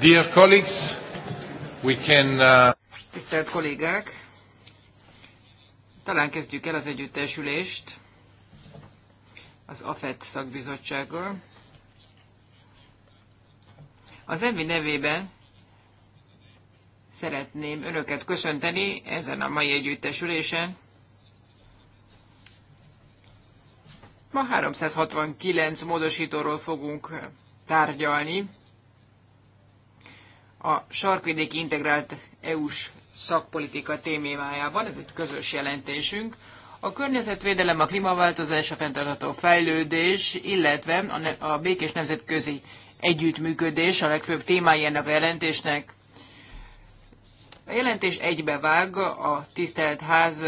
Dear colleagues, we can... Uh... Tisztelt kollégák, talán kezdjük el az együttesülést az AFET szakbizottsággal. Az EMI nevében szeretném Önöket köszönteni ezen a mai együttesülésen. Ma 369 módosítóról fogunk tárgyalni. A sarkvidéki integrált EU-s szakpolitika témájában, ez egy közös jelentésünk. A környezetvédelem, a klímaváltozás, a fenntartható fejlődés, illetve a, ne- a békés nemzetközi együttműködés a legfőbb témái ennek a jelentésnek. A jelentés egybevág a tisztelt ház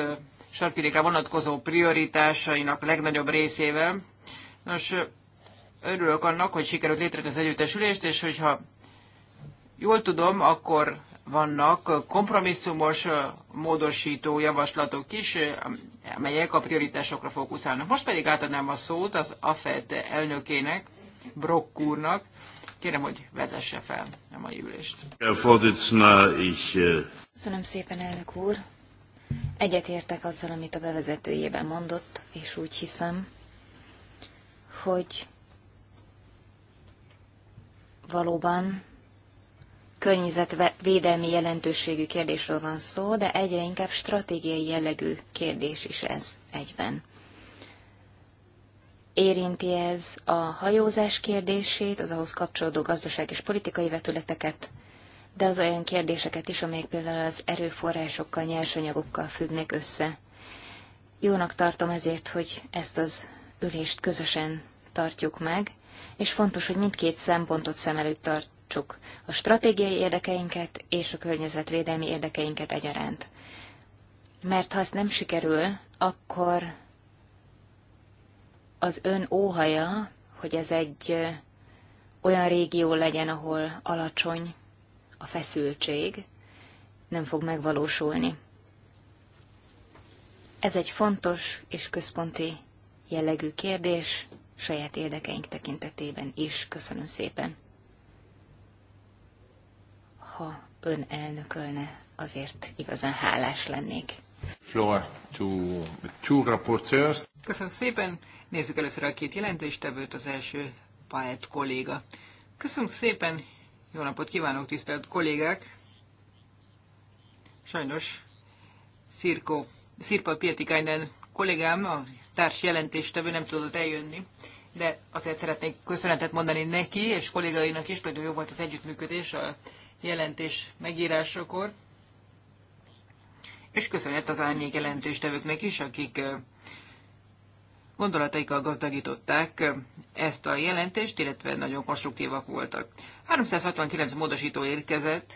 sarkvidékre vonatkozó prioritásainak legnagyobb részével. Nos, örülök annak, hogy sikerült létrehozni az együttesülést, és hogyha jól tudom, akkor vannak kompromisszumos módosító javaslatok is, amelyek a prioritásokra fókuszálnak. Most pedig átadnám a szót az AFET elnökének, Brock úrnak. Kérem, hogy vezesse fel a mai ülést. Äh, Köszönöm szépen, elnök úr. Egyetértek azzal, amit a bevezetőjében mondott, és úgy hiszem, hogy valóban környezetvédelmi jelentőségű kérdésről van szó, de egyre inkább stratégiai jellegű kérdés is ez egyben. Érinti ez a hajózás kérdését, az ahhoz kapcsolódó gazdaság és politikai vetületeket, de az olyan kérdéseket is, amelyek például az erőforrásokkal, nyersanyagokkal függnek össze. Jónak tartom ezért, hogy ezt az ülést közösen tartjuk meg, és fontos, hogy mindkét szempontot szem előtt tartsuk, a stratégiai érdekeinket és a környezetvédelmi érdekeinket egyaránt. Mert ha ez nem sikerül, akkor az ön óhaja, hogy ez egy olyan régió legyen, ahol alacsony a feszültség nem fog megvalósulni. Ez egy fontos és központi jellegű kérdés saját érdekeink tekintetében is. Köszönöm szépen. Ha ön elnökölne, azért igazán hálás lennék. Floor to two reporters. Köszönöm szépen. Nézzük először a két jelentéstevőt, az első Paet kolléga. Köszönöm szépen, jó napot kívánok, tisztelt kollégák! Sajnos Szirko, Szirpa Pietikainen kollégám, a társ jelentéstevő nem tudott eljönni, de azért szeretnék köszönetet mondani neki és kollégainak is, nagyon jó volt az együttműködés a jelentés megírásakor. És köszönet az árnyék jelentéstevőknek is, akik gondolataikkal gazdagították ezt a jelentést, illetve nagyon konstruktívak voltak. 369 módosító érkezett,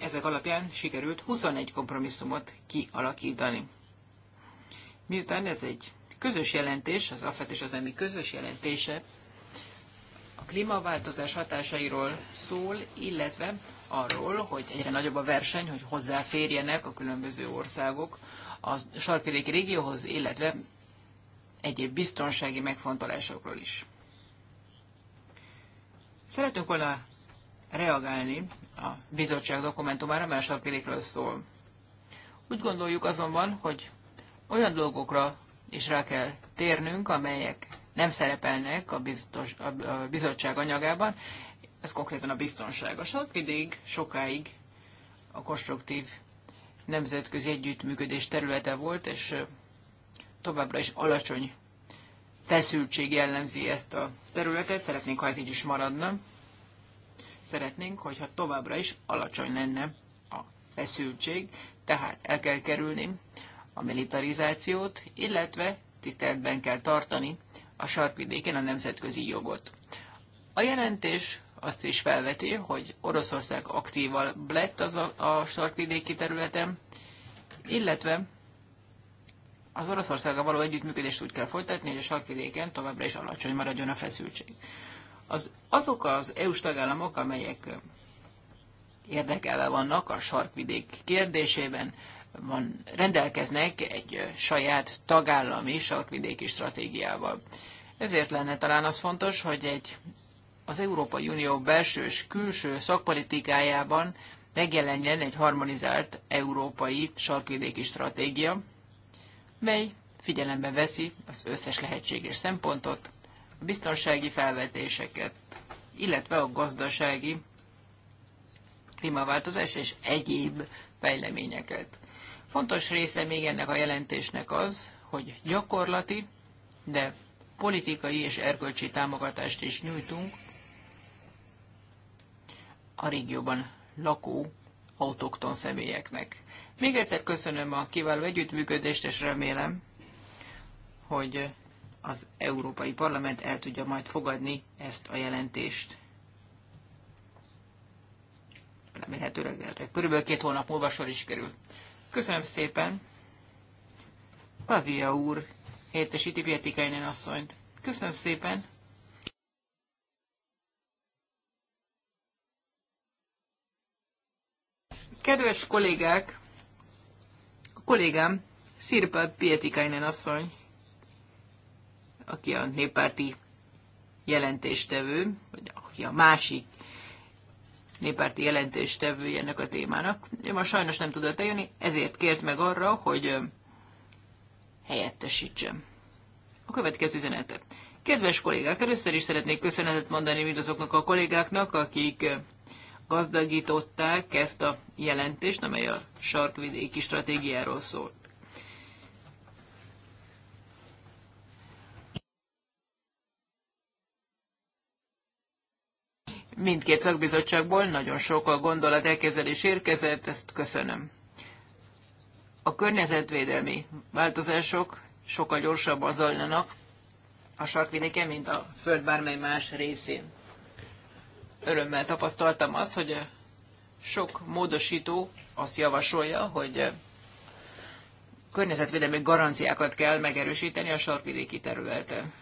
ezek alapján sikerült 21 kompromisszumot kialakítani. Miután ez egy közös jelentés, az AFET és az EMI közös jelentése, a klímaváltozás hatásairól szól, illetve arról, hogy egyre nagyobb a verseny, hogy hozzáférjenek a különböző országok a sarkvidéki régióhoz, illetve egyéb biztonsági megfontolásokról is. Szeretünk volna reagálni a bizottság dokumentumára, mert a sarkvidékről szól. Úgy gondoljuk azonban, hogy olyan dolgokra is rá kell térnünk, amelyek nem szerepelnek a, biztos, a bizottság anyagában, ez konkrétan a biztonság. A sarkvidék sokáig a konstruktív nemzetközi együttműködés területe volt, és továbbra is alacsony feszültség jellemzi ezt a területet. Szeretnénk, ha ez így is maradna. Szeretnénk, hogyha továbbra is alacsony lenne a feszültség, tehát el kell kerülni a militarizációt, illetve tiszteletben kell tartani a sarkvidéken a nemzetközi jogot. A jelentés azt is felveti, hogy Oroszország aktíval lett az a, a sarkvidéki területen, illetve az Oroszországgal való együttműködést úgy kell folytatni, hogy a sarkvidéken továbbra is alacsony maradjon a feszültség. Az, azok az EU-s tagállamok, amelyek érdekelve vannak a sarkvidék kérdésében, van, rendelkeznek egy saját tagállami sarkvidéki stratégiával. Ezért lenne talán az fontos, hogy egy az Európai Unió belső és külső szakpolitikájában megjelenjen egy harmonizált európai sarkvidéki stratégia, mely figyelembe veszi az összes lehetséges szempontot, a biztonsági felvetéseket, illetve a gazdasági klímaváltozás és egyéb fejleményeket. Fontos része még ennek a jelentésnek az, hogy gyakorlati, de politikai és erkölcsi támogatást is nyújtunk a régióban lakó autokton személyeknek. Még egyszer köszönöm a kiváló együttműködést, és remélem, hogy az Európai Parlament el tudja majd fogadni ezt a jelentést. Remélhetőleg erre körülbelül két hónap múlva sor is kerül. Köszönöm szépen. Pavia úr, helyettesíti Pietikainen asszonyt. Köszönöm szépen. Kedves kollégák, a kollégám Szirpa Pietikainen asszony, aki a néppárti jelentéstevő, vagy aki a másik néppárti jelentéstevő ennek a témának. Ő ma sajnos nem tudott eljönni, ezért kért meg arra, hogy helyettesítsem. A következő üzenete. Kedves kollégák, először is szeretnék köszönetet mondani mindazoknak a kollégáknak, akik gazdagították ezt a jelentést, amely a sarkvidéki stratégiáról szól. Mindkét szakbizottságból nagyon sok a gondolat elkezelés érkezett, ezt köszönöm. A környezetvédelmi változások sokkal gyorsabban zajlanak a sarkvidéken, mint a föld bármely más részén örömmel tapasztaltam azt, hogy eh, sok módosító azt javasolja, hogy eh, környezetvédelmi garanciákat kell megerősíteni a sarkvidéki területen.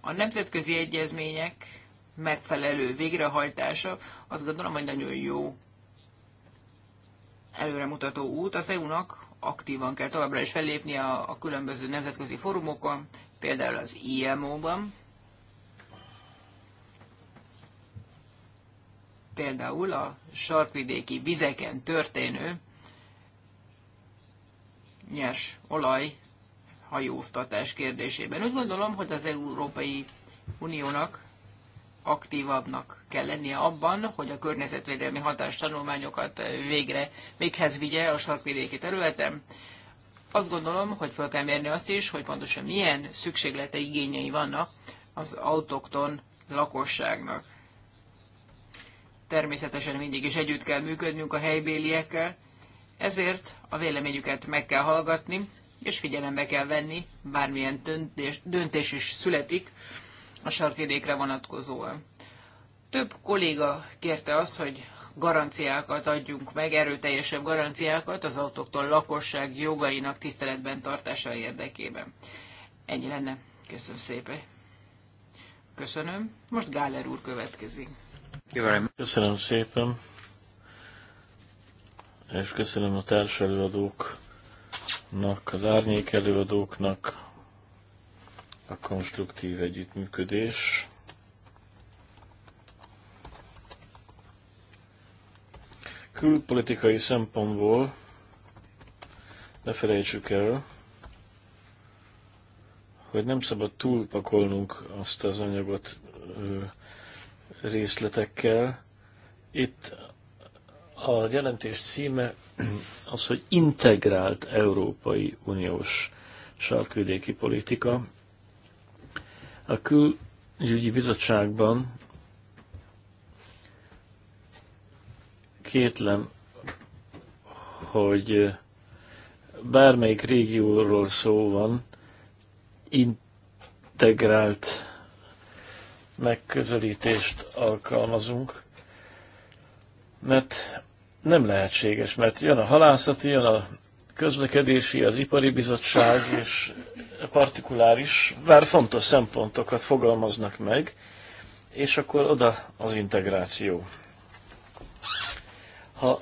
A nemzetközi egyezmények megfelelő végrehajtása azt gondolom, hogy nagyon jó előremutató út. Az EU-nak aktívan kell továbbra is fellépni a, a különböző nemzetközi fórumokon, például az IMO-ban, például a sarkvidéki vizeken történő nyers olaj hajóztatás kérdésében. Úgy gondolom, hogy az Európai Uniónak aktívabbnak kell lennie abban, hogy a környezetvédelmi hatástanulmányokat végre véghez vigye a sarkvidéki területen. Azt gondolom, hogy fel kell mérni azt is, hogy pontosan milyen szükséglete igényei vannak az autokton lakosságnak természetesen mindig is együtt kell működnünk a helybéliekkel, ezért a véleményüket meg kell hallgatni, és figyelembe kell venni, bármilyen döntés, döntés is születik a sarkvidékre vonatkozóan. Több kolléga kérte azt, hogy garanciákat adjunk meg, erőteljesebb garanciákat az autóktól lakosság jogainak tiszteletben tartása érdekében. Ennyi lenne. Köszönöm szépen. Köszönöm. Most Gáler úr következik. Köszönöm szépen, és köszönöm a társelőadóknak, az árnyék előadóknak a konstruktív együttműködés. Külpolitikai szempontból ne felejtsük el, hogy nem szabad túlpakolnunk azt az anyagot részletekkel. Itt a jelentés címe az, hogy integrált Európai Uniós sarkvidéki politika. A külügyi bizottságban kétlem, hogy bármelyik régióról szó van, integrált megközelítést alkalmazunk, mert nem lehetséges, mert jön a halászati, jön a közlekedési, az ipari bizottság és partikuláris, bár fontos szempontokat fogalmaznak meg, és akkor oda az integráció. Ha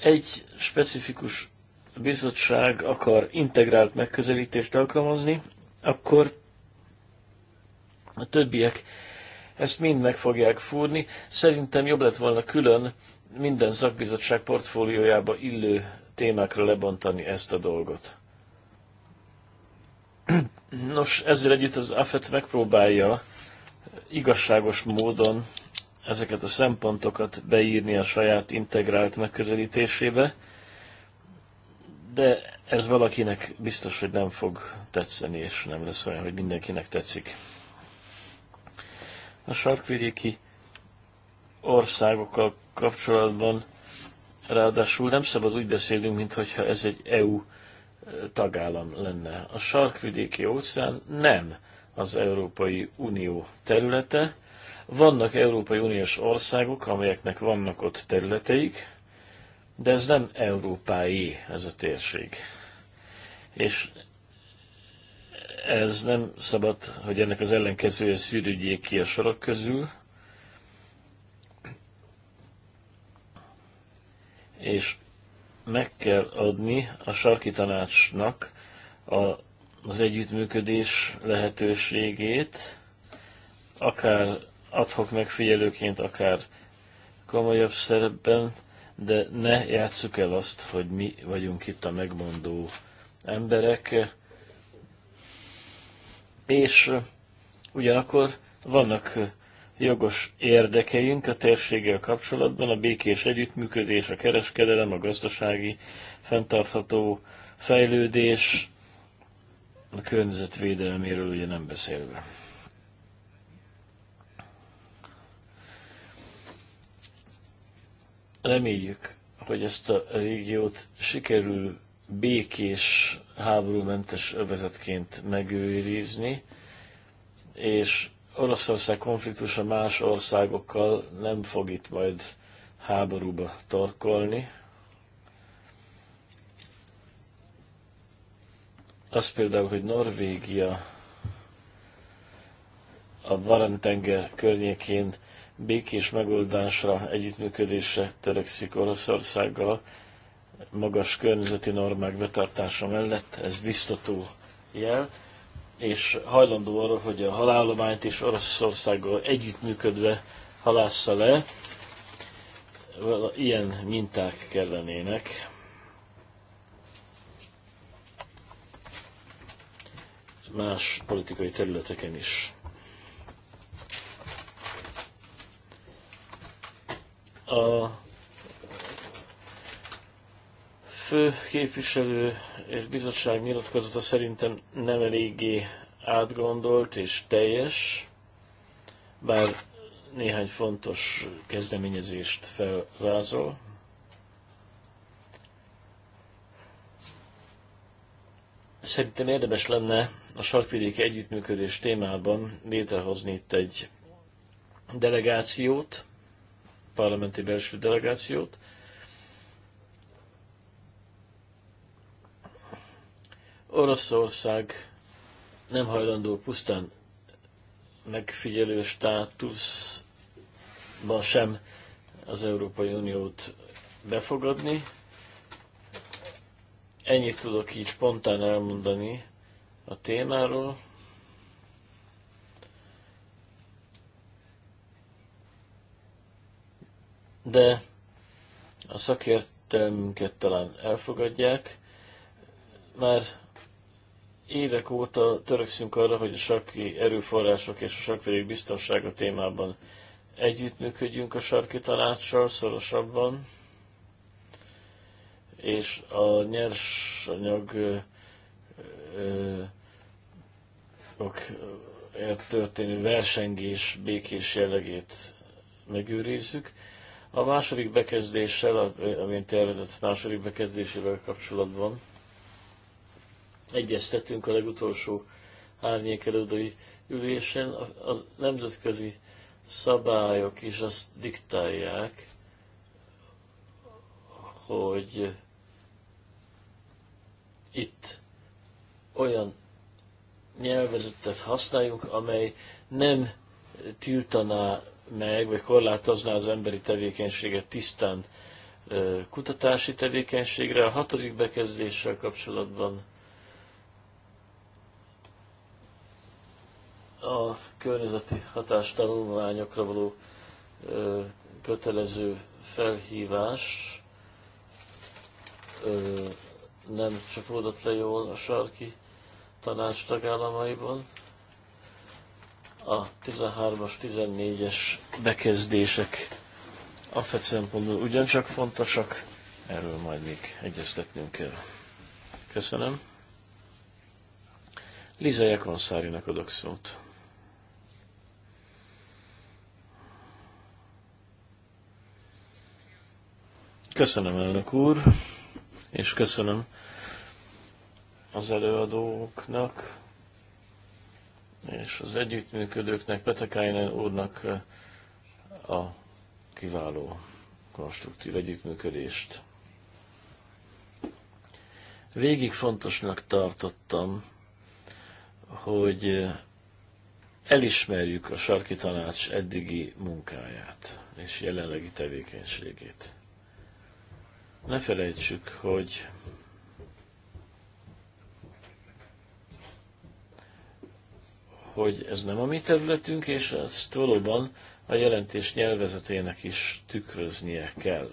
egy specifikus bizottság akar integrált megközelítést alkalmazni, akkor a többiek ezt mind meg fogják fúrni. Szerintem jobb lett volna külön minden szakbizottság portfóliójába illő témákra lebontani ezt a dolgot. Nos, ezzel együtt az AFET megpróbálja igazságos módon ezeket a szempontokat beírni a saját integrált megközelítésébe, de ez valakinek biztos, hogy nem fog tetszeni, és nem lesz olyan, hogy mindenkinek tetszik a sarkvidéki országokkal kapcsolatban ráadásul nem szabad úgy beszélnünk, mintha ez egy EU e, tagállam lenne. A sarkvidéki óceán nem az Európai Unió területe. Vannak Európai Uniós országok, amelyeknek vannak ott területeik, de ez nem európai ez a térség. És ez nem szabad, hogy ennek az ellenkezője szűrődjék ki a sorok közül. És meg kell adni a sarki tanácsnak a, az együttműködés lehetőségét, akár adhok megfigyelőként, akár komolyabb szerepben, de ne játsszuk el azt, hogy mi vagyunk itt a megmondó emberek, és ugyanakkor vannak jogos érdekeink a térséggel kapcsolatban, a békés együttműködés, a kereskedelem, a gazdasági fenntartható fejlődés, a környezetvédelméről ugye nem beszélve. Reméljük, hogy ezt a régiót sikerül békés, háborúmentes övezetként megőrizni, és Oroszország konfliktusa más országokkal nem fog itt majd háborúba torkolni. Az például, hogy Norvégia a Barentenger környékén békés megoldásra, együttműködésre törekszik Oroszországgal, magas környezeti normák betartása mellett ez biztató jel, és hajlandó arra, hogy a halállományt is Oroszországgal együttműködve halássza le. Ilyen minták kellenének. más politikai területeken is. A fő képviselő és bizottság nyilatkozata szerintem nem eléggé átgondolt és teljes, bár néhány fontos kezdeményezést felvázol. Szerintem érdemes lenne a sarkvidéki együttműködés témában létrehozni itt egy delegációt, parlamenti belső delegációt, Oroszország nem hajlandó pusztán megfigyelő státuszban sem az Európai Uniót befogadni. Ennyit tudok így spontán elmondani a témáról. De a szakértelmünket talán elfogadják. mert évek óta törekszünk arra, hogy a sarki erőforrások és a sarkvidék biztonsága témában együttműködjünk a sarki tanácssal szorosabban, és a nyersanyag okért történő versengés békés jellegét megőrizzük. A második bekezdéssel, amint tervezett második bekezdésével kapcsolatban, egyeztetünk a legutolsó árnyékelődői ülésen. A, a nemzetközi szabályok is azt diktálják, hogy itt olyan nyelvezetet használjunk, amely nem tiltaná meg, vagy korlátozná az emberi tevékenységet tisztán kutatási tevékenységre. A hatodik bekezdéssel kapcsolatban a környezeti hatástanulmányokra való ö, kötelező felhívás ö, nem csapódott le jól a sarki tanács tagállamaiban. A 13-as, 14-es bekezdések a FED szempontból ugyancsak fontosak, erről majd még egyeztetnünk kell. Köszönöm. Liza Jakonszárinak adok szót. Köszönöm, elnök úr, és köszönöm az előadóknak és az együttműködőknek, Petekájnen úrnak a kiváló konstruktív együttműködést. Végig fontosnak tartottam, hogy elismerjük a sarki tanács eddigi munkáját és jelenlegi tevékenységét. Ne felejtsük, hogy hogy ez nem a mi területünk, és ezt valóban a jelentés nyelvezetének is tükröznie kell.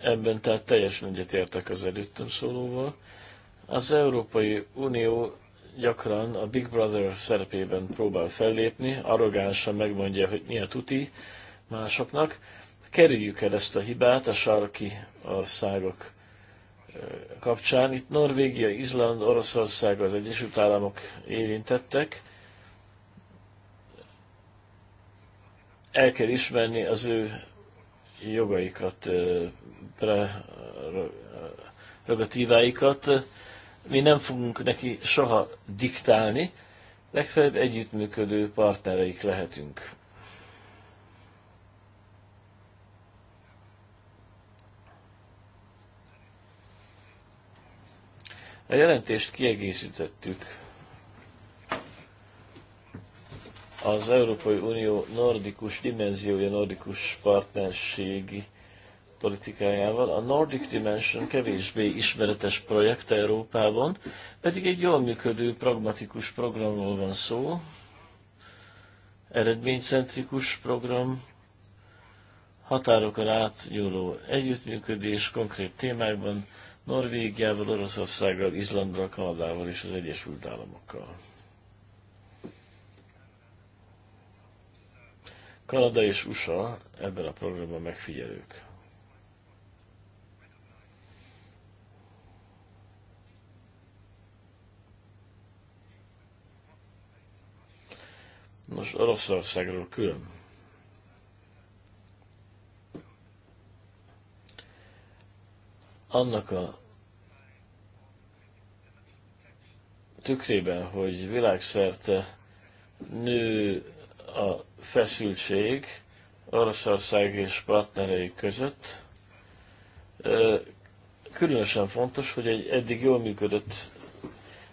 Ebben tehát teljesen egyetértek az előttem szólóval. Az Európai Unió gyakran a Big Brother szerepében próbál fellépni, arrogánsan megmondja, hogy mi a tuti másoknak. Kerüljük el ezt a hibát a sarki országok kapcsán. Itt Norvégia, Izland, Oroszország, az Egyesült Államok érintettek. El kell ismerni az ő jogaikat, prerogatíváikat. Pre, mi nem fogunk neki soha diktálni, legfeljebb együttműködő partnereik lehetünk. A jelentést kiegészítettük az Európai Unió nordikus dimenziója, nordikus partnerségi politikájával. A Nordic Dimension kevésbé ismeretes projekt Európában, pedig egy jól működő, pragmatikus programról van szó, eredménycentrikus program, határokon átnyúló együttműködés konkrét témákban, Norvégiával, Oroszországgal, Izlandral, Kanadával és az Egyesült Államokkal. Kanada és USA ebben a programban megfigyelők. Most Oroszországról külön. Annak a tükrében, hogy világszerte nő a feszültség Oroszország és partnerei között, különösen fontos, hogy egy eddig jól működött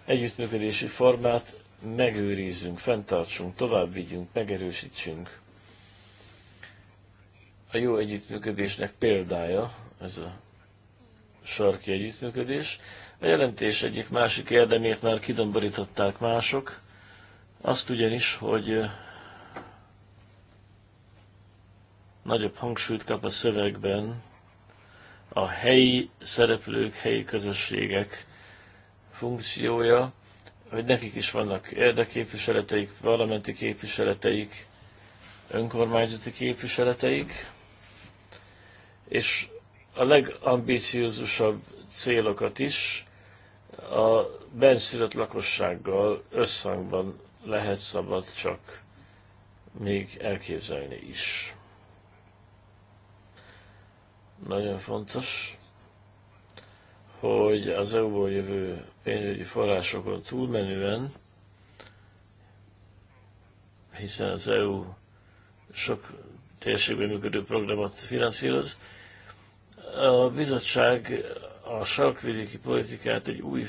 együttműködési formát megőrizzünk, fenntartsunk, tovább vigyünk, megerősítsünk. A jó együttműködésnek példája ez a sarki együttműködés. A jelentés egyik másik érdemét már kidomborították mások, azt ugyanis, hogy nagyobb hangsúlyt kap a szövegben a helyi szereplők, helyi közösségek funkciója, hogy nekik is vannak érdeképviseleteik, parlamenti képviseleteik, önkormányzati képviseleteik, és a legambíciózusabb célokat is a benszülött lakossággal összhangban lehet szabad csak még elképzelni is. Nagyon fontos hogy az EU-ból jövő pénzügyi forrásokon túlmenően, hiszen az EU sok térségben működő programot finanszíroz, a bizottság a sarkvidéki politikát egy új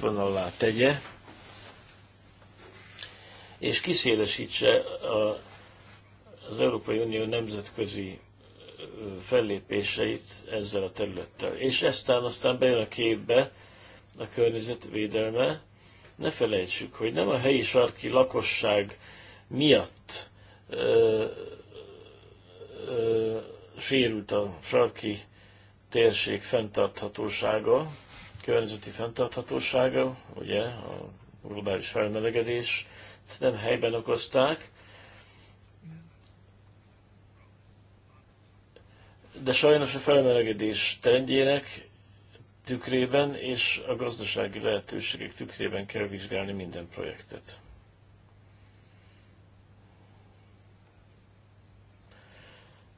vonalá tegye, és kiszélesítse a, az Európai Unió nemzetközi fellépéseit ezzel a területtel. És eztán aztán bejön a képbe a környezetvédelme. Ne felejtsük, hogy nem a helyi sarki lakosság miatt ö, ö, sérült a sarki térség fenntarthatósága, környezeti fenntarthatósága, ugye a globális felmelegedés, ezt nem helyben okozták, de sajnos a felmelegedés trendjének tükrében és a gazdasági lehetőségek tükrében kell vizsgálni minden projektet.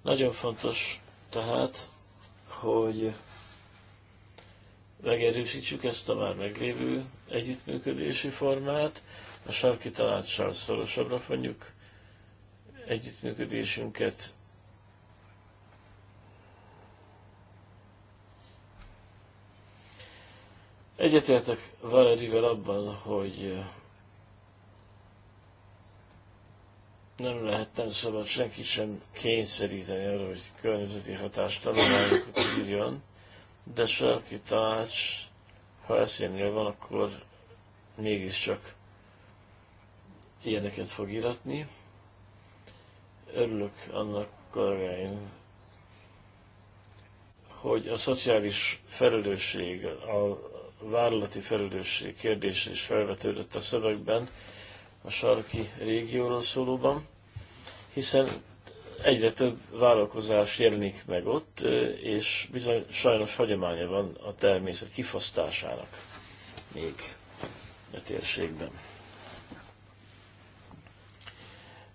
Nagyon fontos tehát, hogy megerősítsük ezt a már meglévő együttműködési formát, a sarki tanácssal szorosabbra fogjuk együttműködésünket, Egyetértek Valerivel abban, hogy eh, nem lehet, nem szabad senki sem kényszeríteni arra, hogy környezeti hatást tanulmányokat írjon, de senki tanács, ha eszénél van, akkor mégiscsak ilyeneket fog íratni. Örülök annak kollégáim, hogy a szociális felelősség, a, vállalati felelősség kérdése is felvetődött a szövegben, a sarki régióról szólóban, hiszen egyre több vállalkozás jelenik meg ott, és bizony sajnos hagyománya van a természet kifosztásának még a térségben.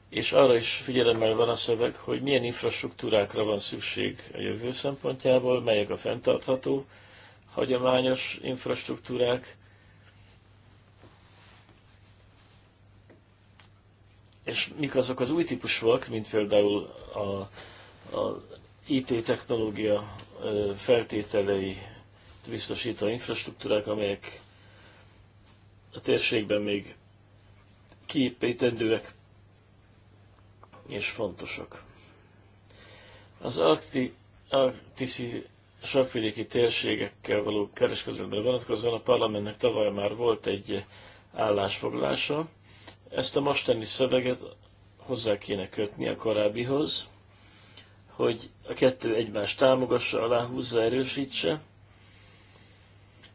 És arra is figyelemmel van a szöveg, hogy milyen infrastruktúrákra van szükség a jövő szempontjából, melyek a fenntartható hagyományos infrastruktúrák, és mik azok az új típusúak, mint például a, a IT technológia feltételei biztosító infrastruktúrák, amelyek a térségben még kiépítendőek és fontosak. Az arkti, arktiszi sarkvidéki térségekkel való kereskedelemre vonatkozóan a parlamentnek tavaly már volt egy állásfoglalása. Ezt a mostani szöveget hozzá kéne kötni a korábbihoz, hogy a kettő egymást támogassa, aláhúzza, erősítse,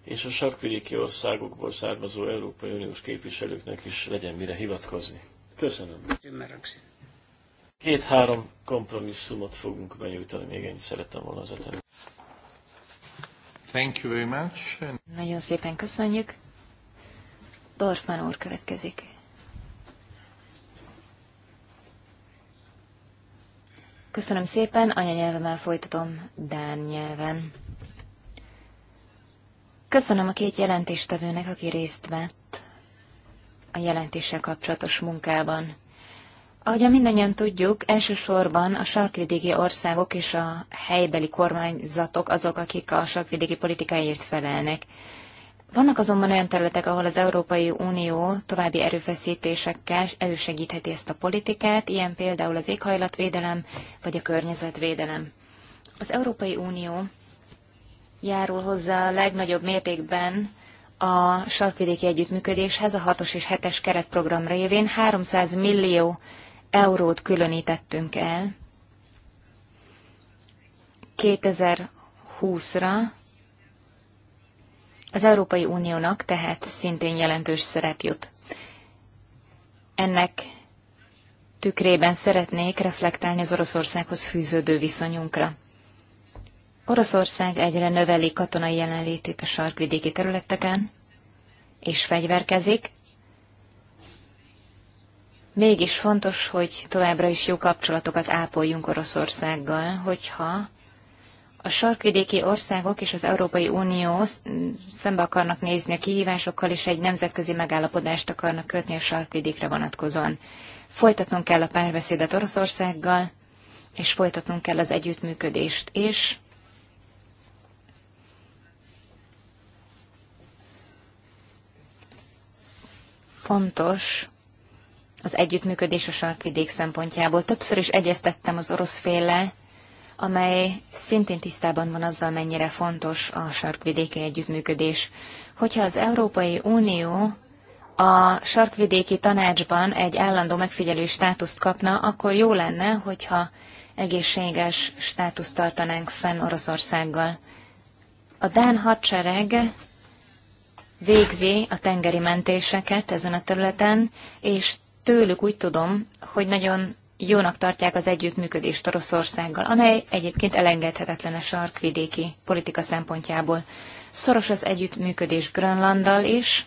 és a sarkvidéki országokból származó Európai Uniós képviselőknek is legyen mire hivatkozni. Köszönöm. Két-három kompromisszumot fogunk benyújtani, még ennyit szerettem volna az Thank you very much. Nagyon szépen köszönjük. Dorfman úr következik. Köszönöm szépen, anyanyelvemmel folytatom Dán nyelven. Köszönöm a két jelentéstevőnek, aki részt vett a jelentéssel kapcsolatos munkában. Ahogyan mindannyian tudjuk, elsősorban a sarkvidéki országok és a helybeli kormányzatok azok, akik a sarkvidéki politikáért felelnek. Vannak azonban olyan területek, ahol az Európai Unió további erőfeszítésekkel elősegítheti ezt a politikát, ilyen például az éghajlatvédelem vagy a környezetvédelem. Az Európai Unió járul hozzá a legnagyobb mértékben a sarkvidéki együttműködéshez a 6-os és 7-es keretprogram révén 300 millió eurót különítettünk el 2020-ra, az Európai Uniónak tehát szintén jelentős szerep jut. Ennek tükrében szeretnék reflektálni az Oroszországhoz fűződő viszonyunkra. Oroszország egyre növeli katonai jelenlétét a sarkvidéki területeken, és fegyverkezik, Mégis fontos, hogy továbbra is jó kapcsolatokat ápoljunk Oroszországgal, hogyha a sarkvidéki országok és az Európai Unió szembe akarnak nézni a kihívásokkal, és egy nemzetközi megállapodást akarnak kötni a sarkvidékre vonatkozóan. Folytatnunk kell a párbeszédet Oroszországgal, és folytatnunk kell az együttműködést is. Fontos, az együttműködés a sarkvidék szempontjából. Többször is egyeztettem az orosz féllel, amely szintén tisztában van azzal, mennyire fontos a sarkvidéki együttműködés. Hogyha az Európai Unió a sarkvidéki tanácsban egy állandó megfigyelő státuszt kapna, akkor jó lenne, hogyha egészséges státuszt tartanánk fenn Oroszországgal. A Dán hadsereg végzi a tengeri mentéseket ezen a területen, és tőlük úgy tudom, hogy nagyon jónak tartják az együttműködést Oroszországgal, amely egyébként elengedhetetlen a sarkvidéki politika szempontjából. Szoros az együttműködés Grönlanddal is,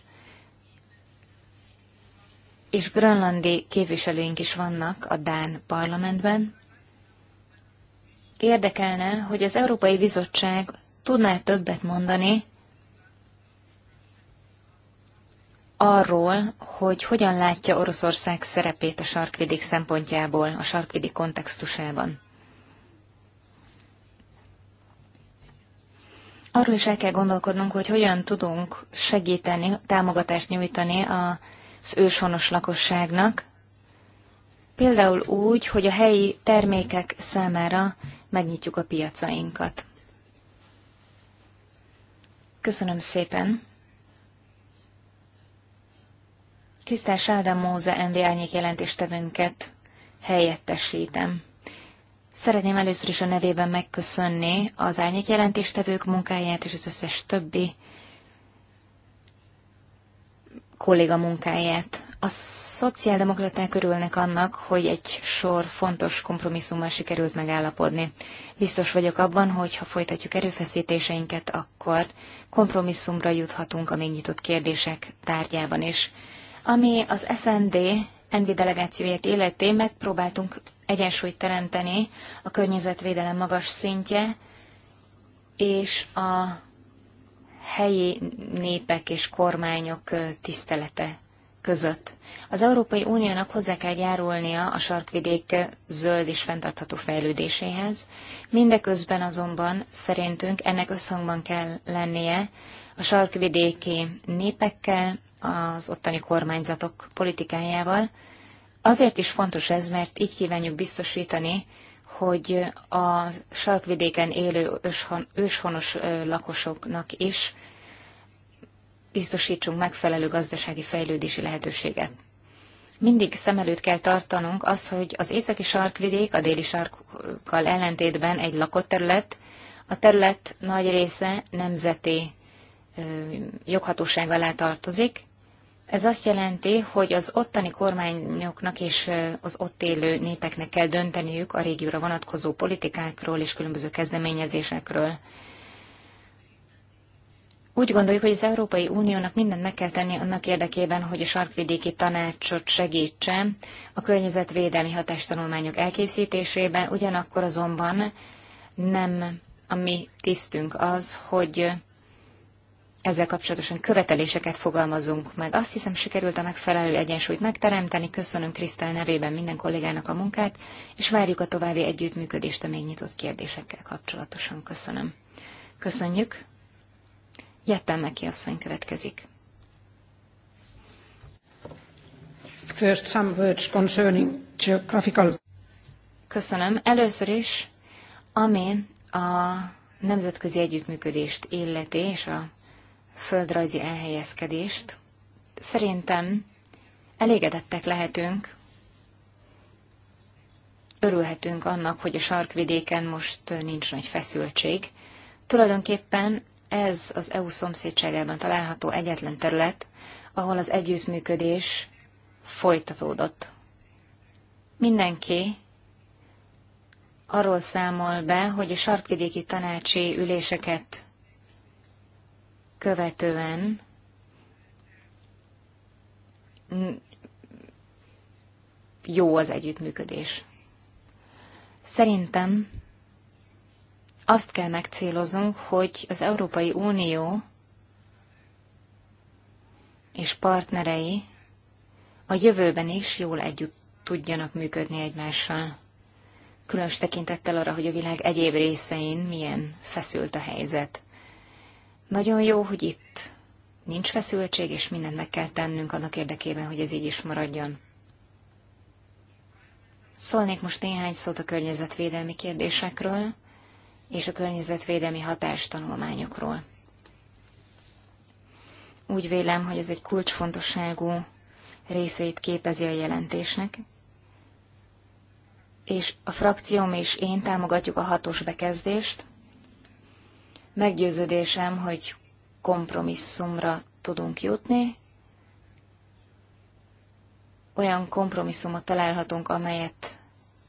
és grönlandi képviselőink is vannak a Dán parlamentben. Érdekelne, hogy az Európai Bizottság tudná -e többet mondani arról, hogy hogyan látja Oroszország szerepét a sarkvidék szempontjából, a sarkvidék kontextusában. Arról is el kell gondolkodnunk, hogy hogyan tudunk segíteni, támogatást nyújtani az őshonos lakosságnak, például úgy, hogy a helyi termékek számára megnyitjuk a piacainkat. Köszönöm szépen! Tisztás Ádám Móze MV árnyék jelentéstevőnket helyettesítem. Szeretném először is a nevében megköszönni az árnyék jelentéstevők munkáját és az összes többi kolléga munkáját. A szociáldemokraták örülnek annak, hogy egy sor fontos kompromisszummal sikerült megállapodni. Biztos vagyok abban, hogy ha folytatjuk erőfeszítéseinket, akkor kompromisszumra juthatunk a még nyitott kérdések tárgyában is. Ami az SND Envi delegációját életé megpróbáltunk egyensúlyt teremteni a környezetvédelem magas szintje és a helyi népek és kormányok tisztelete között. Az Európai Uniónak hozzá kell járulnia a sarkvidék zöld és fenntartható fejlődéséhez, mindeközben azonban szerintünk ennek összhangban kell lennie a sarkvidéki népekkel, az ottani kormányzatok politikájával. Azért is fontos ez, mert így kívánjuk biztosítani, hogy a sarkvidéken élő őshon, őshonos lakosoknak is biztosítsunk megfelelő gazdasági fejlődési lehetőséget. Mindig szem előtt kell tartanunk azt, hogy az északi sarkvidék a déli sarkkal ellentétben egy lakott terület, a terület nagy része nemzeti joghatóság alá tartozik, ez azt jelenti, hogy az ottani kormányoknak és az ott élő népeknek kell dönteniük a régióra vonatkozó politikákról és különböző kezdeményezésekről. Úgy gondoljuk, hogy az Európai Uniónak mindent meg kell tenni annak érdekében, hogy a sarkvidéki tanácsot segítse a környezetvédelmi hatástanulmányok elkészítésében, ugyanakkor azonban nem a mi tisztünk az, hogy ezzel kapcsolatosan követeléseket fogalmazunk meg. Azt hiszem, sikerült a megfelelő egyensúlyt megteremteni. Köszönöm Krisztel nevében minden kollégának a munkát, és várjuk a további együttműködést a még nyitott kérdésekkel kapcsolatosan. Köszönöm. Köszönjük. Jettem neki asszony következik. First some words concerning geographical. Köszönöm. Először is, ami a nemzetközi együttműködést illeti, és a földrajzi elhelyezkedést. Szerintem elégedettek lehetünk, örülhetünk annak, hogy a sarkvidéken most nincs nagy feszültség. Tulajdonképpen ez az EU szomszédságában található egyetlen terület, ahol az együttműködés folytatódott. Mindenki arról számol be, hogy a sarkvidéki tanácsi üléseket követően jó az együttműködés. Szerintem azt kell megcélozunk, hogy az Európai Unió és partnerei a jövőben is jól együtt tudjanak működni egymással. Különös tekintettel arra, hogy a világ egyéb részein milyen feszült a helyzet. Nagyon jó, hogy itt nincs feszültség, és mindent meg kell tennünk annak érdekében, hogy ez így is maradjon. Szólnék most néhány szót a környezetvédelmi kérdésekről és a környezetvédelmi hatástanulmányokról. Úgy vélem, hogy ez egy kulcsfontosságú részét képezi a jelentésnek, és a frakcióm és én támogatjuk a hatos bekezdést, Meggyőződésem, hogy kompromisszumra tudunk jutni. Olyan kompromisszumot találhatunk, amelyet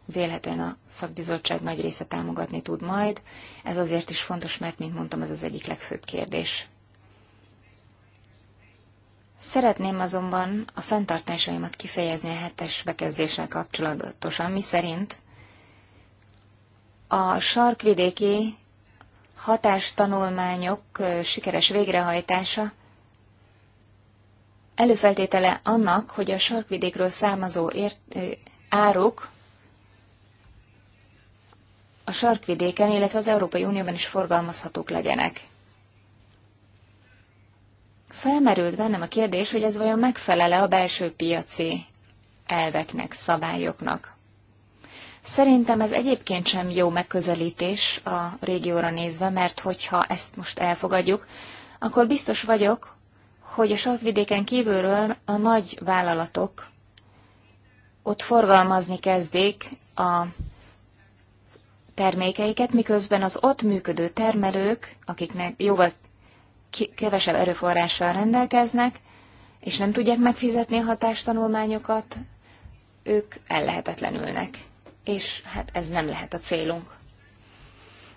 vélhetően a szakbizottság nagy része támogatni tud majd. Ez azért is fontos, mert, mint mondtam, ez az egyik legfőbb kérdés. Szeretném azonban a fenntartásaimat kifejezni a hetes bekezdéssel kapcsolatosan, mi szerint a sarkvidéki hatástanulmányok sikeres végrehajtása előfeltétele annak, hogy a sarkvidékről származó ért, áruk a sarkvidéken, illetve az Európai Unióban is forgalmazhatók legyenek. Felmerült bennem a kérdés, hogy ez vajon megfelele a belső piaci elveknek, szabályoknak. Szerintem ez egyébként sem jó megközelítés a régióra nézve, mert hogyha ezt most elfogadjuk, akkor biztos vagyok, hogy a sarkvidéken kívülről a nagy vállalatok ott forgalmazni kezdik a termékeiket, miközben az ott működő termelők, akiknek jóval kevesebb erőforrással rendelkeznek, és nem tudják megfizetni a hatástanulmányokat, ők ellehetetlenülnek és hát ez nem lehet a célunk.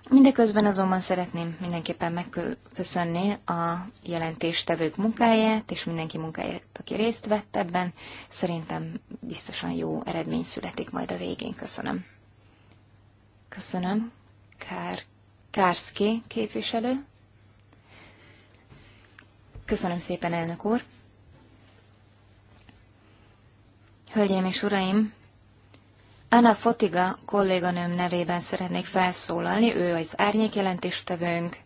Mindeközben azonban szeretném mindenképpen megköszönni a jelentéstevők munkáját, és mindenki munkáját, aki részt vett ebben. Szerintem biztosan jó eredmény születik majd a végén. Köszönöm. Köszönöm. Kár, Kárszki képviselő. Köszönöm szépen, elnök úr. Hölgyeim és uraim, Anna Fotiga kolléganőm nevében szeretnék felszólalni, ő az árnyék jelentéstevőnk.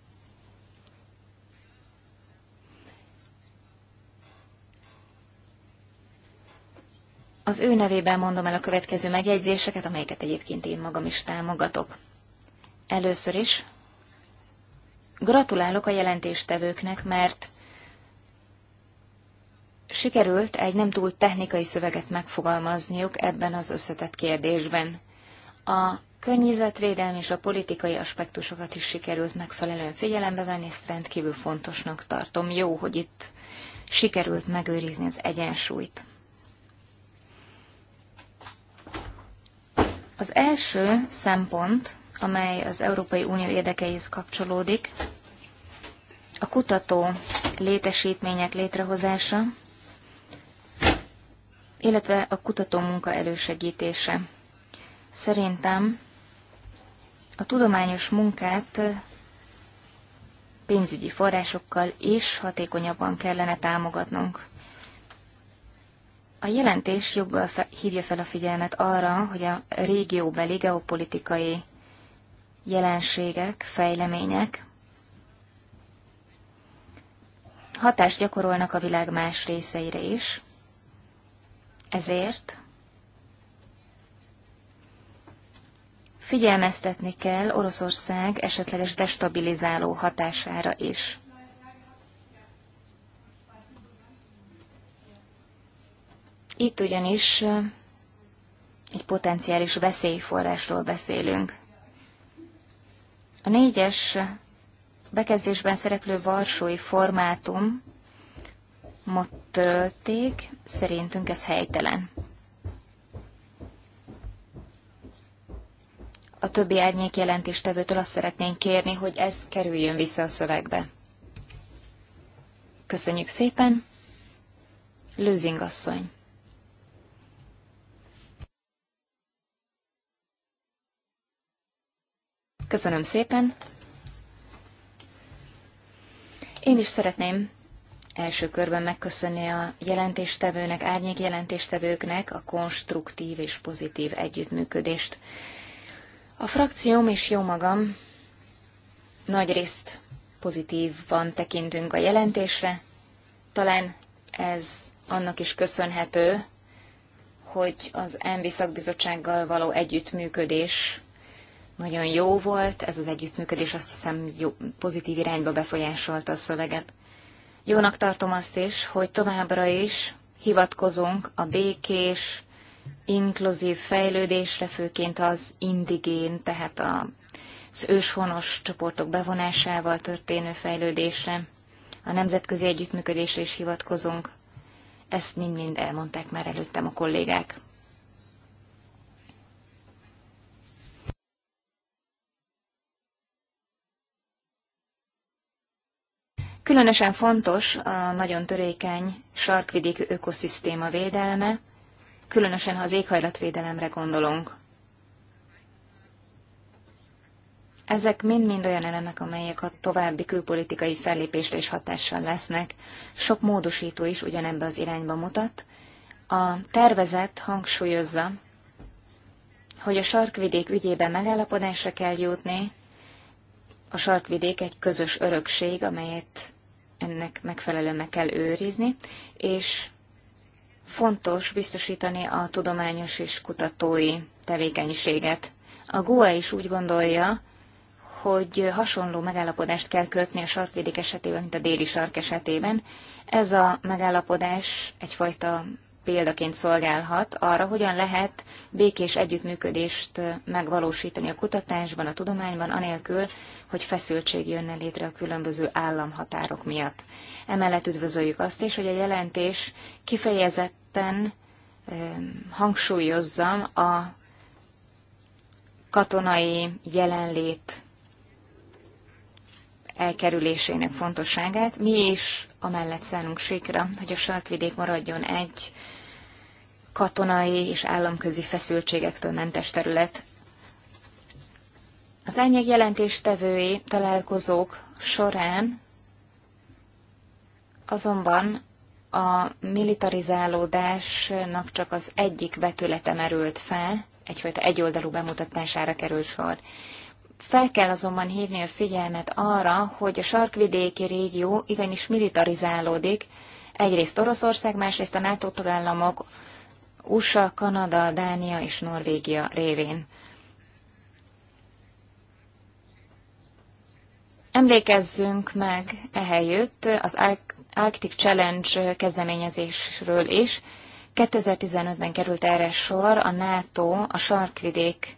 Az ő nevében mondom el a következő megjegyzéseket, amelyeket egyébként én magam is támogatok. Először is gratulálok a jelentéstevőknek, mert sikerült egy nem túl technikai szöveget megfogalmazniuk ebben az összetett kérdésben. A környezetvédelmi és a politikai aspektusokat is sikerült megfelelően figyelembe venni, ezt rendkívül fontosnak tartom. Jó, hogy itt sikerült megőrizni az egyensúlyt. Az első szempont, amely az Európai Unió érdekeihez kapcsolódik, a kutató létesítmények létrehozása, illetve a munka elősegítése. Szerintem a tudományos munkát pénzügyi forrásokkal is hatékonyabban kellene támogatnunk. A jelentés joggal hívja fel a figyelmet arra, hogy a régióbeli geopolitikai jelenségek, fejlemények hatást gyakorolnak a világ más részeire is, ezért figyelmeztetni kell Oroszország esetleges destabilizáló hatására is. Itt ugyanis egy potenciális veszélyforrásról beszélünk. A négyes bekezdésben szereplő varsói formátum ma törölték, szerintünk ez helytelen. A többi árnyék jelentéstevőtől azt szeretnénk kérni, hogy ez kerüljön vissza a szövegbe. Köszönjük szépen! Lőzing asszony! Köszönöm szépen! Én is szeretném első körben megköszönni a jelentéstevőnek, árnyék jelentéstevőknek a konstruktív és pozitív együttműködést. A frakcióm és jó magam nagyrészt pozitívan tekintünk a jelentésre. Talán ez annak is köszönhető, hogy az MV szakbizottsággal való együttműködés nagyon jó volt, ez az együttműködés azt hiszem jó, pozitív irányba befolyásolta a szöveget. Jónak tartom azt is, hogy továbbra is hivatkozunk a békés, inkluzív fejlődésre, főként az indigén, tehát az őshonos csoportok bevonásával történő fejlődésre, a nemzetközi együttműködésre is hivatkozunk. Ezt mind-mind elmondták már előttem a kollégák. Különösen fontos a nagyon törékeny sarkvidéki ökoszisztéma védelme, különösen ha az éghajlatvédelemre gondolunk. Ezek mind-mind olyan elemek, amelyek a további külpolitikai fellépésre is hatással lesznek. Sok módosító is ugyanebbe az irányba mutat. A tervezet hangsúlyozza, hogy a sarkvidék ügyében megállapodásra kell jutni, a sarkvidék egy közös örökség, amelyet ennek megfelelően meg kell őrizni, és fontos biztosítani a tudományos és kutatói tevékenységet. A GUA e is úgy gondolja, hogy hasonló megállapodást kell kötni a sarkvédik esetében, mint a déli sark esetében. Ez a megállapodás egyfajta példaként szolgálhat arra, hogyan lehet békés együttműködést megvalósítani a kutatásban, a tudományban, anélkül, hogy feszültség jönne létre a különböző államhatárok miatt. Emellett üdvözöljük azt is, hogy a jelentés kifejezetten hangsúlyozzam a katonai jelenlét elkerülésének fontosságát. Mi is amellett szállunk sikra, hogy a sarkvidék maradjon egy katonai és államközi feszültségektől mentes terület. Az árnyék jelentéstevői találkozók során azonban a militarizálódásnak csak az egyik vetülete merült fel, egyfajta egyoldalú bemutatására kerül sor. Fel kell azonban hívni a figyelmet arra, hogy a sarkvidéki régió igenis militarizálódik, egyrészt Oroszország, másrészt a NATO tagállamok USA, Kanada, Dánia és Norvégia révén. Emlékezzünk meg ehelyütt az Arctic Challenge kezdeményezésről is. 2015-ben került erre sor, a NATO a sarkvidék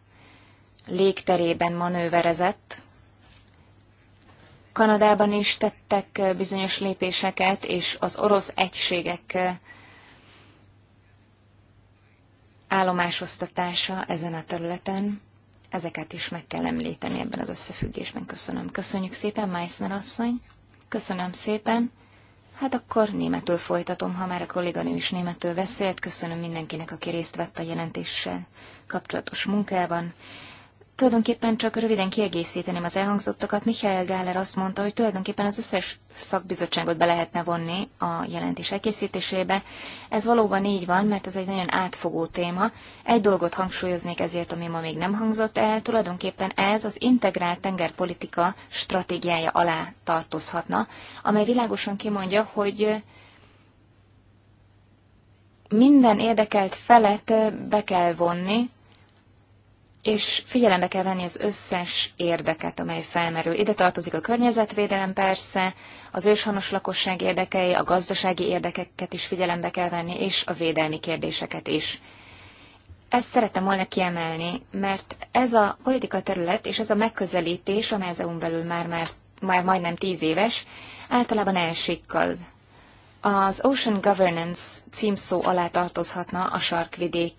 légterében manőverezett. Kanadában is tettek bizonyos lépéseket, és az orosz egységek állomásoztatása ezen a területen, ezeket is meg kell említeni ebben az összefüggésben. Köszönöm. Köszönjük szépen, Meissner asszony. Köszönöm szépen. Hát akkor németül folytatom, ha már a kolléganő is németül beszélt. Köszönöm mindenkinek, aki részt vett a jelentéssel kapcsolatos munkában. Tulajdonképpen csak röviden kiegészíteném az elhangzottakat. Michael Gáler azt mondta, hogy tulajdonképpen az összes szakbizottságot be lehetne vonni a jelentés elkészítésébe. Ez valóban így van, mert ez egy nagyon átfogó téma. Egy dolgot hangsúlyoznék ezért, ami ma még nem hangzott el. Tulajdonképpen ez az integrált tengerpolitika stratégiája alá tartozhatna, amely világosan kimondja, hogy minden érdekelt felet be kell vonni, és figyelembe kell venni az összes érdeket, amely felmerül. Ide tartozik a környezetvédelem persze, az őshonos lakosság érdekei, a gazdasági érdekeket is figyelembe kell venni, és a védelmi kérdéseket is. Ezt szerettem volna kiemelni, mert ez a politika terület és ez a megközelítés, amely az EU-n belül már, már, már majdnem tíz éves, általában elsikkal. Az Ocean Governance címszó alá tartozhatna a sarkvidék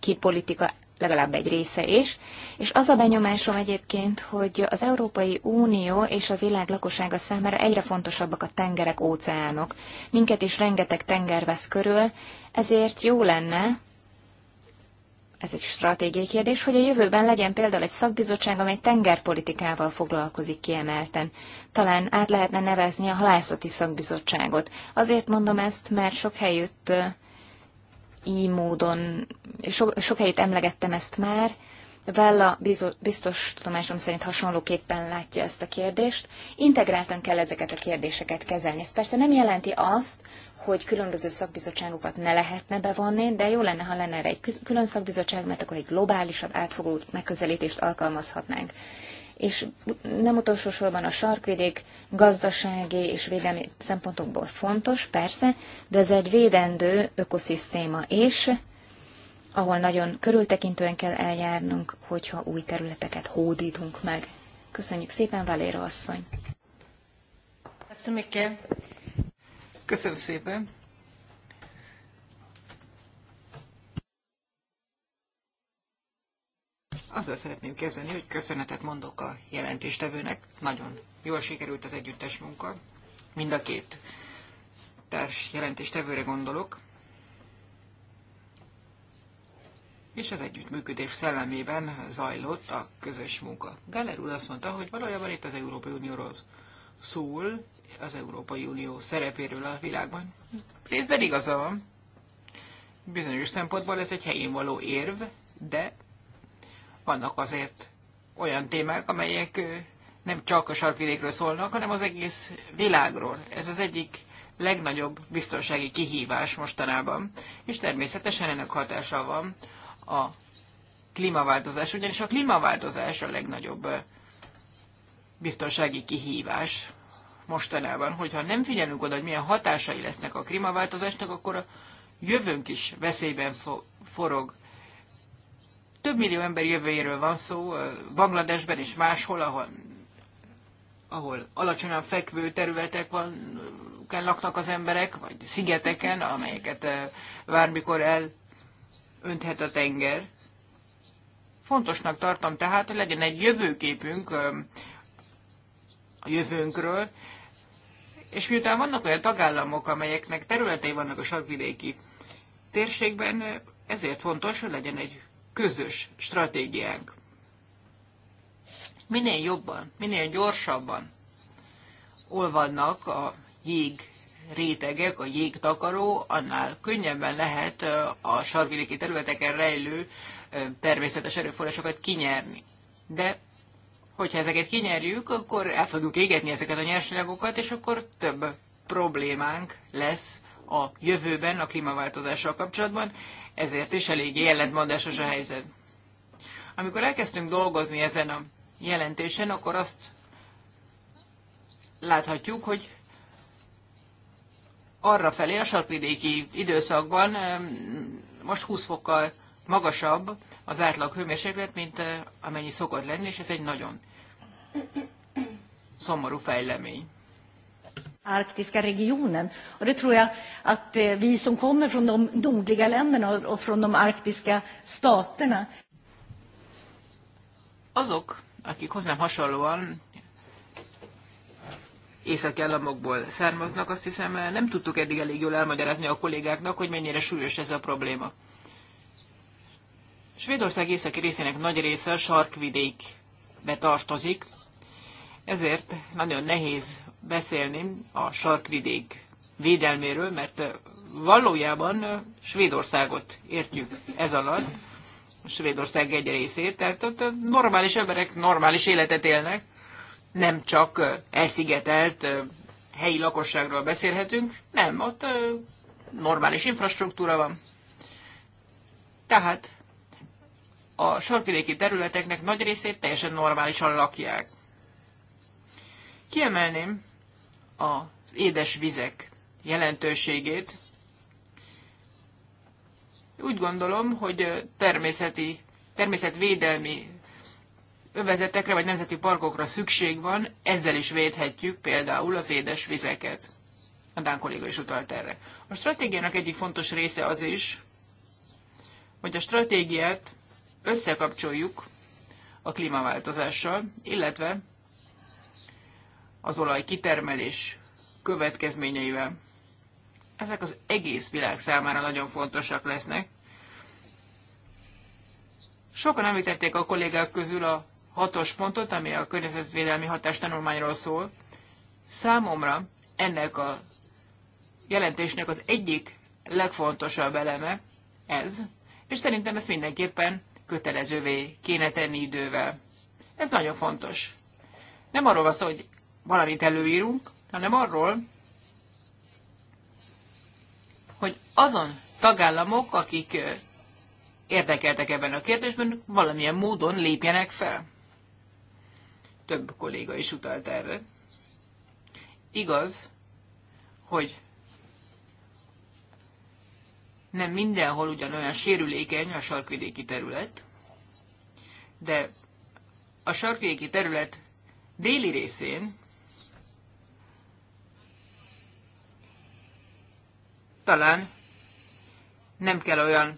kipolitika legalább egy része is, és az a benyomásom egyébként, hogy az Európai Unió és a világ lakossága számára egyre fontosabbak a tengerek, óceánok. Minket is rengeteg tenger vesz körül, ezért jó lenne, ez egy stratégiai kérdés, hogy a jövőben legyen például egy szakbizottság, amely tengerpolitikával foglalkozik kiemelten. Talán át lehetne nevezni a halászati szakbizottságot. Azért mondom ezt, mert sok helyütt így módon, so, sok helyét emlegettem ezt már, Vella biztos tudomásom szerint hasonlóképpen látja ezt a kérdést. Integráltan kell ezeket a kérdéseket kezelni. Ez persze nem jelenti azt, hogy különböző szakbizottságokat ne lehetne bevonni, de jó lenne, ha lenne erre egy külön szakbizottság, mert akkor egy globálisabb, átfogó megközelítést alkalmazhatnánk és nem utolsó sorban a sarkvidék gazdasági és védelmi szempontokból fontos, persze, de ez egy védendő ökoszisztéma, és ahol nagyon körültekintően kell eljárnunk, hogyha új területeket hódítunk meg. Köszönjük szépen, Valéra asszony! Köszönöm szépen! Azzal szeretném kezdeni, hogy köszönetet mondok a jelentéstevőnek. Nagyon jól sikerült az együttes munka. Mind a két társ jelentéstevőre gondolok. És az együttműködés szellemében zajlott a közös munka. Galler úr azt mondta, hogy valójában itt az Európai Unióról szól, az Európai Unió szerepéről a világban. Részben igaza van. Bizonyos szempontból ez egy helyén való érv, de vannak azért olyan témák, amelyek nem csak a sarkvidékről szólnak, hanem az egész világról. Ez az egyik legnagyobb biztonsági kihívás mostanában, és természetesen ennek hatása van a klímaváltozás, ugyanis a klímaváltozás a legnagyobb biztonsági kihívás mostanában. Hogyha nem figyelünk oda, hogy milyen hatásai lesznek a klímaváltozásnak, akkor a jövőnk is veszélyben forog. Több millió ember jövőjéről van szó, Bangladesben és máshol, ahol, ahol alacsonyan fekvő területek van, laknak az emberek, vagy szigeteken, amelyeket bármikor elönthet a tenger. Fontosnak tartom tehát, hogy legyen egy jövőképünk a jövőnkről, és miután vannak olyan tagállamok, amelyeknek területei vannak a sarkvidéki térségben, ezért fontos, hogy legyen egy közös stratégiánk. Minél jobban, minél gyorsabban olvadnak a jég rétegek, a jégtakaró, annál könnyebben lehet a sarvidéki területeken rejlő természetes erőforrásokat kinyerni. De hogyha ezeket kinyerjük, akkor el fogjuk égetni ezeket a nyersanyagokat, és akkor több problémánk lesz a jövőben a klímaváltozással kapcsolatban ezért is eléggé ellentmondásos a helyzet. Amikor elkezdtünk dolgozni ezen a jelentésen, akkor azt láthatjuk, hogy arra felé a sarkvidéki időszakban most 20 fokkal magasabb az átlag hőmérséklet, mint eh, amennyi szokott lenni, és ez egy nagyon szomorú fejlemény arktiska regionen. Och det tror jag att eh, vi som kommer från de nordliga länderna och från de arktiska staterna. Azok, akik hozzám hasonlóan északi államokból származnak, azt hiszem eh, nem tudtuk eddig elég jól elmagyarázni a kollégáknak, hogy mennyire súlyos ez a probléma. Svédország északi részének nagy része a sarkvidékbe tartozik, ezért nagyon nehéz beszélni a sarkvidék védelméről, mert valójában Svédországot értjük ez alatt, Svédország egy részét, tehát ott normális emberek normális életet élnek, nem csak elszigetelt helyi lakosságról beszélhetünk, nem, ott normális infrastruktúra van. Tehát a sarkvidéki területeknek nagy részét teljesen normálisan lakják. Kiemelném az édes vizek jelentőségét. Úgy gondolom, hogy természeti, természetvédelmi övezetekre vagy nemzeti parkokra szükség van, ezzel is védhetjük például az édes vizeket. A Dán kolléga is utalt erre. A stratégiának egyik fontos része az is, hogy a stratégiát összekapcsoljuk a klímaváltozással, illetve az olaj kitermelés következményeivel. Ezek az egész világ számára nagyon fontosak lesznek. Sokan említették a kollégák közül a hatos pontot, ami a környezetvédelmi tanulmányról szól. Számomra ennek a jelentésnek az egyik legfontosabb eleme ez, és szerintem ezt mindenképpen kötelezővé kéne tenni idővel. Ez nagyon fontos. Nem arról van szó, hogy valamit előírunk, hanem arról, hogy azon tagállamok, akik érdekeltek ebben a kérdésben, valamilyen módon lépjenek fel. Több kolléga is utalt erre. Igaz, hogy nem mindenhol ugyanolyan sérülékeny a sarkvidéki terület, de a sarkvidéki terület déli részén talán nem kell olyan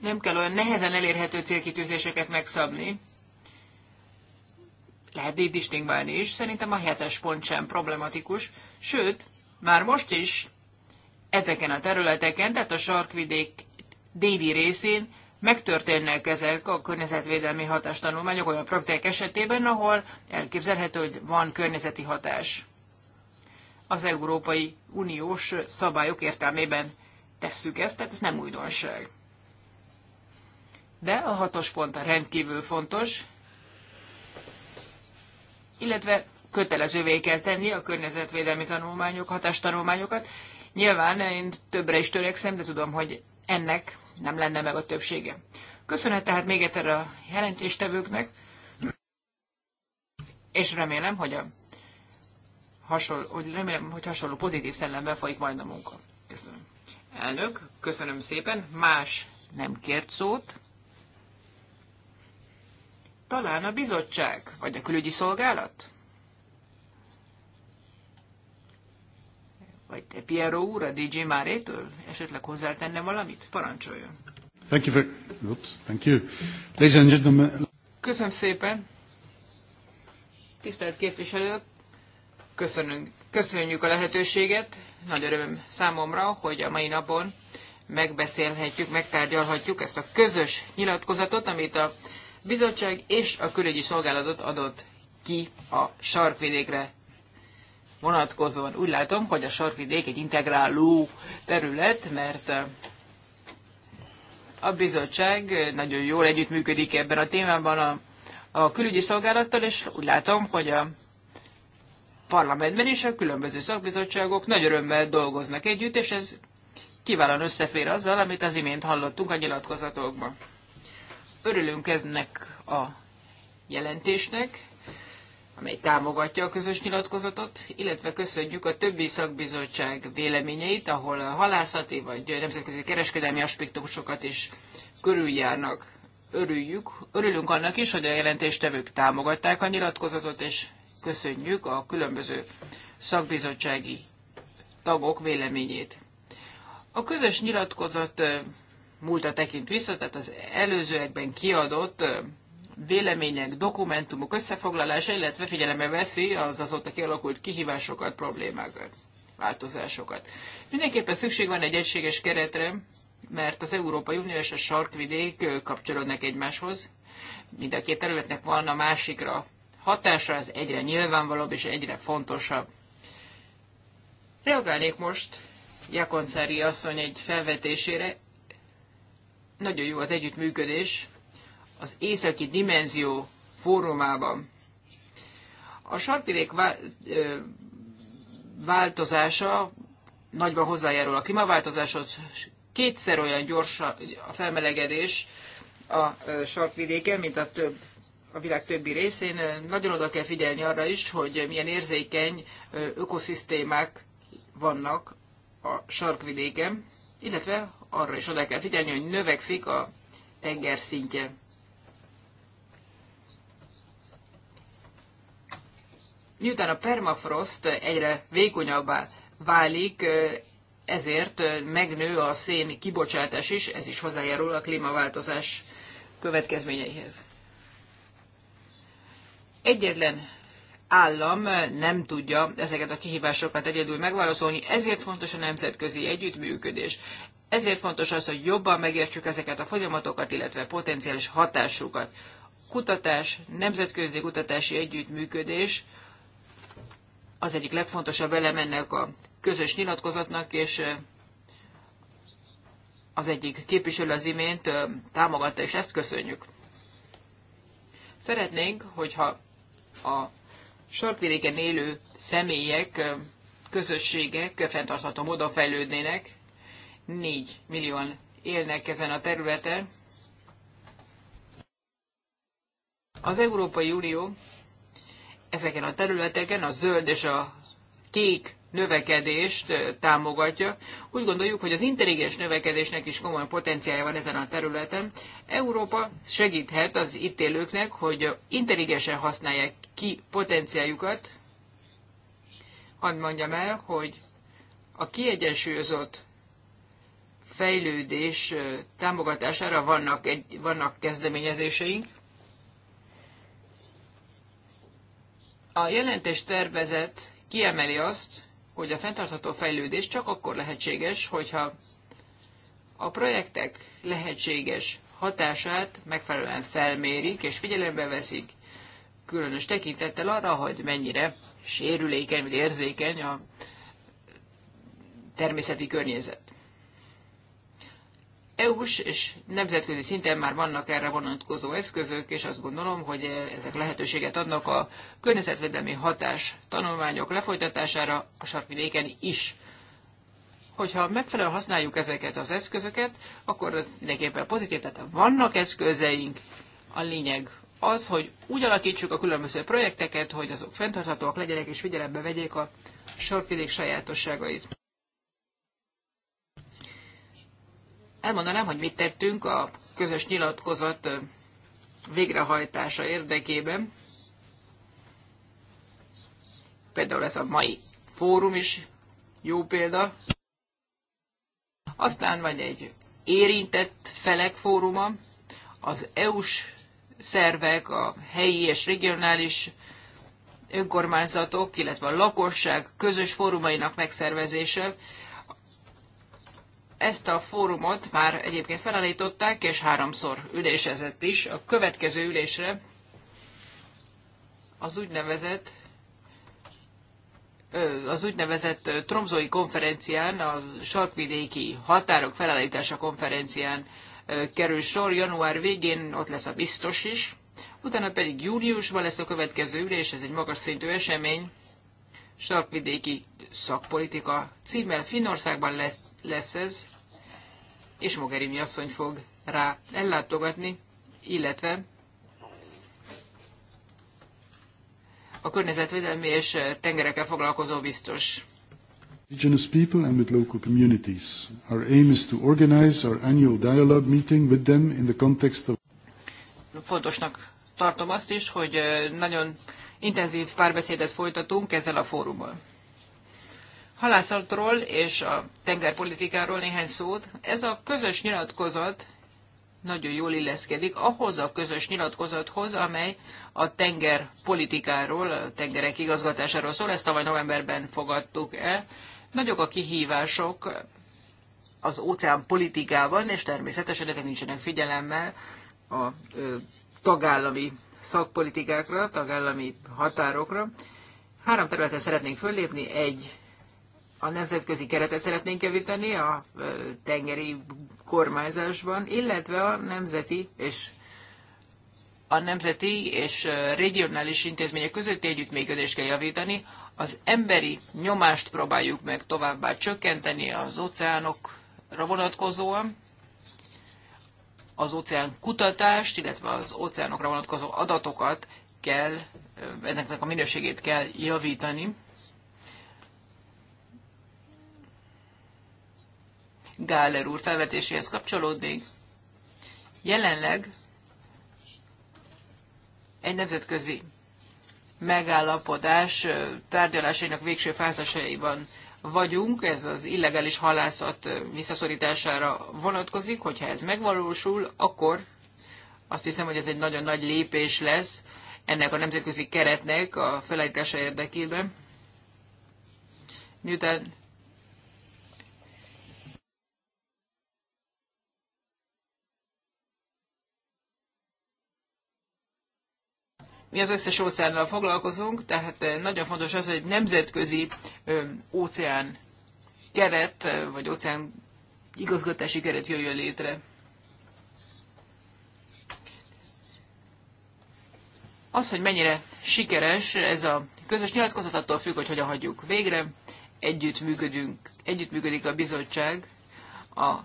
nem kell olyan nehezen elérhető célkitűzéseket megszabni. Lehet így distingválni is. Szerintem a hetes pont sem problematikus. Sőt, már most is ezeken a területeken, tehát a sarkvidék déli részén megtörténnek ezek a környezetvédelmi hatástanulmányok olyan praktikák esetében, ahol elképzelhető, hogy van környezeti hatás az Európai Uniós szabályok értelmében tesszük ezt, tehát ez nem újdonság. De a hatos pont rendkívül fontos, illetve kötelezővé kell tenni a környezetvédelmi tanulmányok, hatástanulmányokat. Nyilván én többre is törekszem, de tudom, hogy ennek nem lenne meg a többsége. Köszönet tehát még egyszer a jelentéstevőknek, és remélem, hogy a hasonló, hogy remélem, hogy hasonló pozitív szellemben folyik majd a munka. Köszönöm. Elnök, köszönöm szépen. Más nem kért szót. Talán a bizottság, vagy a külügyi szolgálat? Vagy te Piero úr, a DJ Márétől esetleg hozzátenne valamit? Parancsoljon. Thank you for... Oops, thank you. Ladies and gentlemen... Köszönöm szépen. Tisztelt képviselők, Köszönünk, köszönjük a lehetőséget. Nagy öröm számomra, hogy a mai napon megbeszélhetjük, megtárgyalhatjuk ezt a közös nyilatkozatot, amit a bizottság és a külügyi szolgálatot adott ki a sarkvidékre vonatkozóan. Úgy látom, hogy a sarkvidék egy integráló terület, mert a bizottság nagyon jól együttműködik ebben a témában a, a külügyi szolgálattal, és úgy látom, hogy a parlamentben is a különböző szakbizottságok nagy örömmel dolgoznak együtt, és ez kiválóan összefér azzal, amit az imént hallottunk a nyilatkozatokban. Örülünk eznek a jelentésnek, amely támogatja a közös nyilatkozatot, illetve köszönjük a többi szakbizottság véleményeit, ahol a halászati vagy nemzetközi kereskedelmi aspektusokat is körüljárnak. Örüljük, örülünk annak is, hogy a jelentéstevők támogatták a nyilatkozatot, és köszönjük a különböző szakbizottsági tagok véleményét. A közös nyilatkozat múlta tekint vissza, tehát az előzőekben kiadott vélemények, dokumentumok összefoglalása, illetve figyelembe veszi az azóta kialakult kihívásokat, problémákat, változásokat. Mindenképpen szükség van egy egységes keretre, mert az Európai Unió és a sarkvidék kapcsolódnak egymáshoz. Mind a két területnek van a másikra hatása az egyre nyilvánvalóbb és egyre fontosabb. Reagálnék most Jakoncári asszony egy felvetésére. Nagyon jó az együttműködés az északi dimenzió fórumában. A sarkvidék változása nagyban hozzájárul a klímaváltozáshoz, kétszer olyan gyors a felmelegedés a sarkvidéken, mint a több a világ többi részén. Nagyon oda kell figyelni arra is, hogy milyen érzékeny ökoszisztémák vannak a sarkvidéken, illetve arra is oda kell figyelni, hogy növekszik a tenger szintje. Miután a permafrost egyre vékonyabbá válik, ezért megnő a szén kibocsátás is, ez is hozzájárul a klímaváltozás következményeihez. Egyetlen állam nem tudja ezeket a kihívásokat egyedül megválaszolni, ezért fontos a nemzetközi együttműködés. Ezért fontos az, hogy jobban megértsük ezeket a folyamatokat, illetve potenciális hatásukat. Kutatás, nemzetközi kutatási együttműködés az egyik legfontosabb elem ennek a közös nyilatkozatnak, és az egyik képviselő az imént támogatta, és ezt köszönjük. Szeretnénk, hogyha a sarkvidéken élő személyek, közösségek fenntartható módon fejlődnének. 4 millióan élnek ezen a területen. Az Európai Unió ezeken a területeken a zöld és a kék növekedést támogatja. Úgy gondoljuk, hogy az intelligens növekedésnek is komoly potenciálja van ezen a területen. Európa segíthet az itt élőknek, hogy intelligensen használják ki potenciáljukat. Hadd mondjam el, hogy a kiegyensúlyozott fejlődés támogatására vannak, egy, vannak kezdeményezéseink. A jelentés tervezet kiemeli azt, hogy a fenntartható fejlődés csak akkor lehetséges, hogyha a projektek lehetséges hatását megfelelően felmérik és figyelembe veszik, különös tekintettel arra, hogy mennyire sérülékeny vagy érzékeny a természeti környezet. EU-s és nemzetközi szinten már vannak erre vonatkozó eszközök, és azt gondolom, hogy ezek lehetőséget adnak a környezetvédelmi hatás tanulmányok lefolytatására a sarkvidéken is. Hogyha megfelelően használjuk ezeket az eszközöket, akkor az mindenképpen pozitív, tehát vannak eszközeink, a lényeg az, hogy úgy alakítsuk a különböző projekteket, hogy azok fenntarthatóak legyenek és figyelembe vegyék a sarkvidék sajátosságait. Elmondanám, hogy mit tettünk a közös nyilatkozat végrehajtása érdekében. Például ez a mai fórum is jó példa. Aztán van egy érintett felek fóruma, az EU-s szervek, a helyi és regionális önkormányzatok, illetve a lakosság közös fórumainak megszervezése. Ezt a fórumot már egyébként felállították, és háromszor ülésezett is. A következő ülésre az úgynevezett az úgynevezett Tromzói konferencián, a sarkvidéki határok felállítása konferencián kerül sor. Január végén ott lesz a biztos is, utána pedig júliusban lesz a következő ülés, ez egy magas szintű esemény, sarkvidéki szakpolitika címmel Finnországban lesz, lesz ez, és Mogherini asszony fog rá ellátogatni, illetve a környezetvédelmi és tengerekkel foglalkozó biztos indigenous people and with local communities. Our aim is to organize our annual dialogue meeting with them in the context of Fontosnak tartom azt is, hogy nagyon intenzív párbeszédet folytatunk ezzel a fórummal. Halászatról és a tengerpolitikáról néhány szót. Ez a közös nyilatkozat nagyon jól illeszkedik ahhoz a közös nyilatkozathoz, amely a tengerpolitikáról, a tengerek igazgatásáról szól. Ezt tavaly novemberben fogadtuk el. Nagyok a kihívások az óceán politikában, és természetesen ezek nincsenek figyelemmel a tagállami szakpolitikákra, tagállami határokra. Három területen szeretnénk föllépni, egy a nemzetközi keretet szeretnénk kevíteni a tengeri kormányzásban, illetve a nemzeti és a nemzeti és regionális intézmények közötti együttműködést kell javítani, az emberi nyomást próbáljuk meg továbbá csökkenteni az óceánokra vonatkozóan, az óceán kutatást, illetve az óceánokra vonatkozó adatokat kell, ennek a minőségét kell javítani. Gáler úr felvetéséhez kapcsolódnék. Jelenleg egy nemzetközi megállapodás tárgyalásainak végső fázasaiban vagyunk, ez az illegális halászat visszaszorítására vonatkozik, hogyha ez megvalósul, akkor azt hiszem, hogy ez egy nagyon nagy lépés lesz ennek a nemzetközi keretnek a felállítása érdekében. Miután mi az összes óceánnal foglalkozunk, tehát eh, nagyon fontos az, hogy nemzetközi óceán keret, eh, vagy óceán igazgatási keret jöjjön létre. Az, hogy mennyire sikeres ez a közös nyilatkozat, attól függ, hogy hogyan hagyjuk végre. Együtt működünk, együtt működik a bizottság a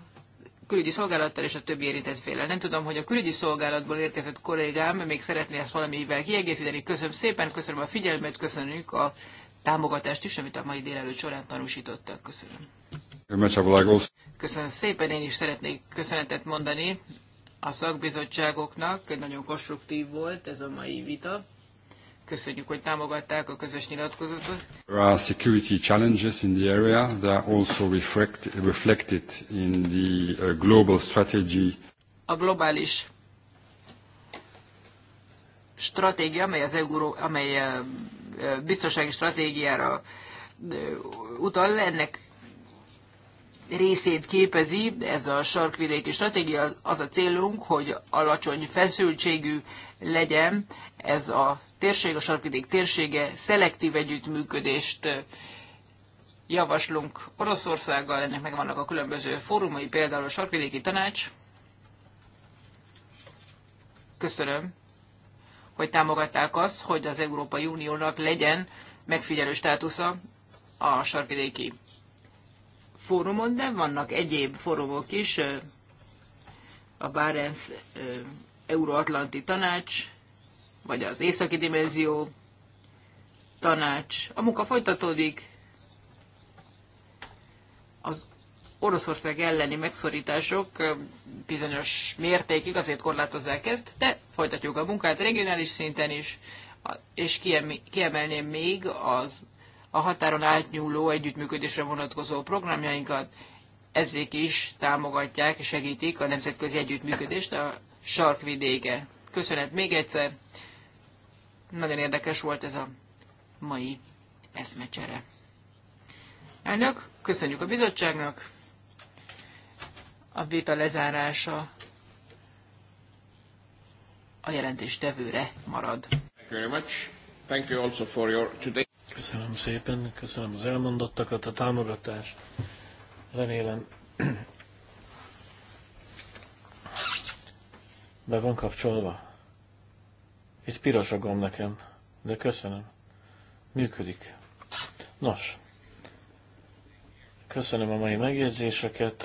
külügyi szolgálattal és a többi érintett félel. Nem tudom, hogy a külügyi szolgálatból érkezett kollégám még szeretné ezt valamivel kiegészíteni. Köszönöm szépen, köszönöm a figyelmet, köszönjük a támogatást is, amit a mai délelőtt során tanúsítottak. Köszönöm. Köszönöm szépen, én is szeretnék köszönetet mondani a szakbizottságoknak, nagyon konstruktív volt ez a mai vita. Köszönjük, hogy támogatták a közös nyilatkozatot. There are security challenges in the area that are also reflect, reflected in the uh, global strategy. A globális stratégia, amely az Euró, amely a uh, uh, biztonsági stratégiára utal, ennek részét képezi ez a sarkvidéki stratégia. Az a célunk, hogy alacsony feszültségű legyen ez a térség, a sarkvidék térsége szelektív együttműködést javaslunk Oroszországgal, ennek megvannak a különböző fórumai, például a Sarkvidéki Tanács. Köszönöm, hogy támogatták azt, hogy az Európai Uniónak legyen megfigyelő státusza a Sarkvidéki Fórumon, de vannak egyéb fórumok is, a Bárens Euróatlanti Tanács, vagy az északi dimenzió, tanács. A munka folytatódik. Az Oroszország elleni megszorítások bizonyos mértékig azért korlátozzák ezt, de folytatjuk a munkát regionális szinten is, és kiemelném még az a határon átnyúló együttműködésre vonatkozó programjainkat, ezek is támogatják és segítik a nemzetközi együttműködést a sarkvidéke. Köszönet még egyszer, nagyon érdekes volt ez a mai eszmecsere. Elnök, köszönjük a bizottságnak. A vita lezárása a jelentés tevőre marad. Thank you very much. Thank you also for your today. Köszönöm szépen, köszönöm az elmondottakat, a támogatást. Remélem be van kapcsolva. Itt piros a gomb nekem, de köszönöm. Működik. Nos, köszönöm a mai megjegyzéseket.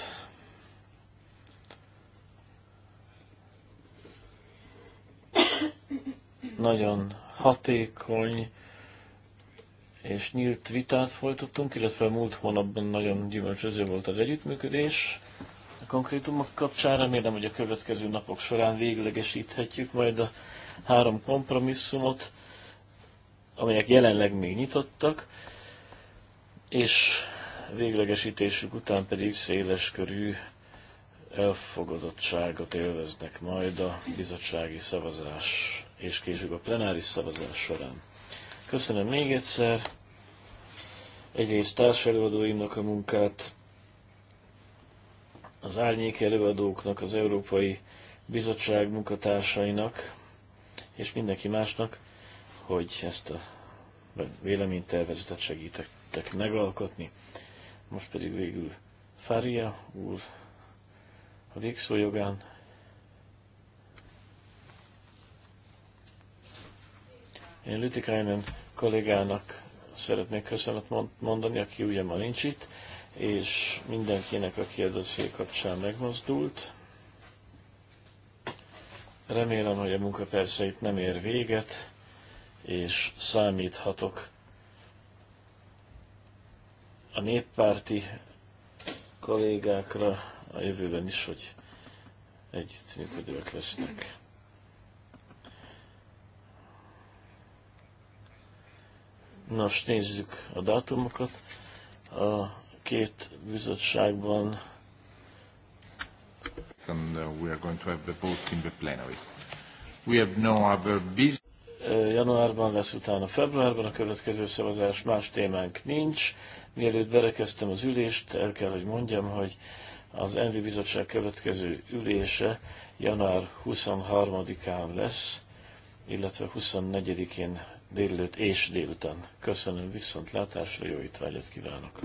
Nagyon hatékony és nyílt vitát folytattunk, illetve múlt hónapban nagyon gyümölcsöző volt az együttműködés a konkrétumok kapcsán. Remélem, hogy a következő napok során véglegesíthetjük majd a három kompromisszumot, amelyek jelenleg még nyitottak, és véglegesítésük után pedig széles körű elfogadottságot élveznek majd a bizottsági szavazás és később a plenáris szavazás során. Köszönöm még egyszer egyrészt társelőadóimnak a munkát, az árnyék előadóknak, az Európai Bizottság munkatársainak, és mindenki másnak, hogy ezt a véleménytervezetet segítettek megalkotni. Most pedig végül Fária úr a végszó jogán. Én Lütikájnen kollégának szeretnék köszönet mondani, aki ugye ma nincs itt, és mindenkinek, aki a dosszié kapcsán megmozdult. Remélem, hogy a munka persze itt nem ér véget, és számíthatok a néppárti kollégákra a jövőben is, hogy együttműködők lesznek. Nos, nézzük a dátumokat. A két bizottságban Januárban lesz, utána februárban a következő szavazás, más témánk nincs. Mielőtt berekeztem az ülést, el kell, hogy mondjam, hogy az Envi Bizottság következő ülése január 23-án lesz, illetve 24-én délelőtt és délután. Köszönöm viszontlátásra, jó étvágyat kívánok!